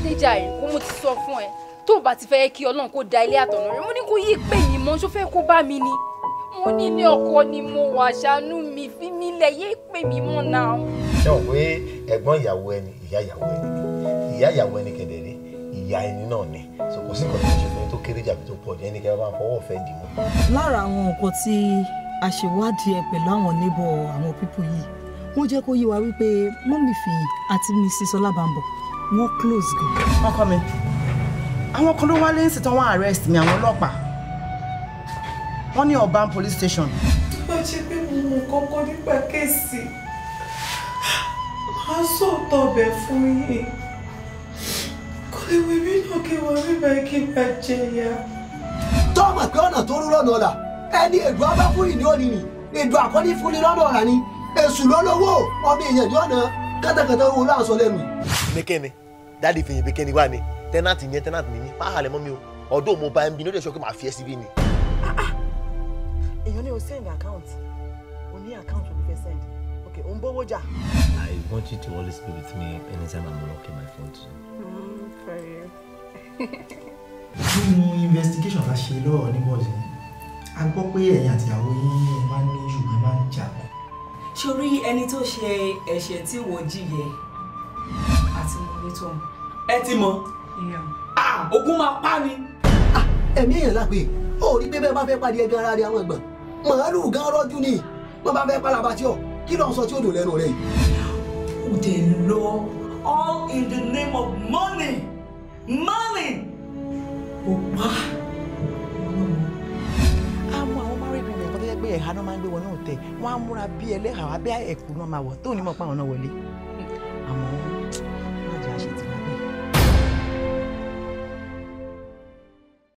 Adéjàre kó mo ti sọ fún ẹ tó o bá ti fẹ́ kí Ọlọ́run kó da ilé àtọ̀nà rẹ mo ní kó yí pé yìí mọ́ ṣó fẹ́ kó bá mi ni mo ní ní ọkọ ni mo wà ṣàánú mi fi mí lẹ̀ yé pè mí mọ́ náà. ṣé o pé ẹ̀gbọ́n ìyàwó ẹni ìyá ìyàwó ẹni ni ìyá ìyàwó ẹni kẹ̀dẹ̀ rí ìyá ẹni náà ni so kò sí nǹkan tó ṣe fún mi tó kéré jàbí tó pọ̀ jẹ́ ẹni kẹ́rẹ́ bá ń fọwọ́ fẹ́ dì mọ́. lára àwọn nǹkan tí a ṣèwádìí wọ́n jẹ́ kó yé wa wípé mọ́mìfì àti mrs ọlábàǹbọ̀ wọ́n close gan. ọkọ mi àwọn kan ló wálé ń sìtàn wọn arrest mi àwọn ọlọ́pàá wọ́n ní Oban police station. tó bá ṣe pé mo mọ kọ́kọ́ nípa kéèsì máa sọ̀tọ̀ ọbẹ̀ fún yín kò lè wẹ̀ mí náà kí wọ́n rí bá kí bá jẹ ya. tọ́mọ̀ pé ọ̀nà tó rú lọ́nà ọ̀la ẹni èdè ọba fún òní ni èdè àkọ́ní fún ni ọ̀la ni èṣù lọ́lọ́wọ́ ọmọ èèyàn ní ọ̀nà kátàkátà owó láàṣọ lẹ́nu nìkẹ́ni dáàdi fèyìn bí kẹ́ni wá ni tẹ́nàtì yẹn tẹ́nàtì nìyí má halẹ̀ mọ́ mi o ọ̀dọ́ mo bá ẹ ní ó dẹ̀ sọ pé màá fi ẹ́ ni. Ah, ah. èèyàn ni o send account o ní account o fẹ́ send okay o ń bówó jà. I want you to always be with me anytime I'm unlocking my phone too. Mm, for you. nínú investigation la ṣe lọ́rọ̀ ní bọ́ọ̀sì a gbọ́ pé ẹ̀yin àtìyàwó yín máa ń ní ṣùgbọ́n máa ń jà. ṣorí ẹni tó ṣe ẹ̀ṣẹ̀ tí wọ́n jìyẹ ẹ ti mọ ogun máa pa ni. ẹ̀mí èèyàn lápè ó rí pé bẹ́ẹ̀ bá fẹ́ pàdé ẹgbẹ́ ara rẹ àwọn ẹ̀gbọ́n màálù gan rọ́jú ni wọ́n bá fẹ́ pàlàbà tí ọ kí ló ń sọ tí ó dùn lẹ́nu rẹ o de lọ all in the name of money money o pa. àwọn àwọn máa ń gbé wọn náà tẹ̀ wọ́n á múra bí ẹlẹ́hàá bí ẹ̀kú náà máa wọ̀ tó ní mọ̀ pa àwọn náà wọlé àmọ́.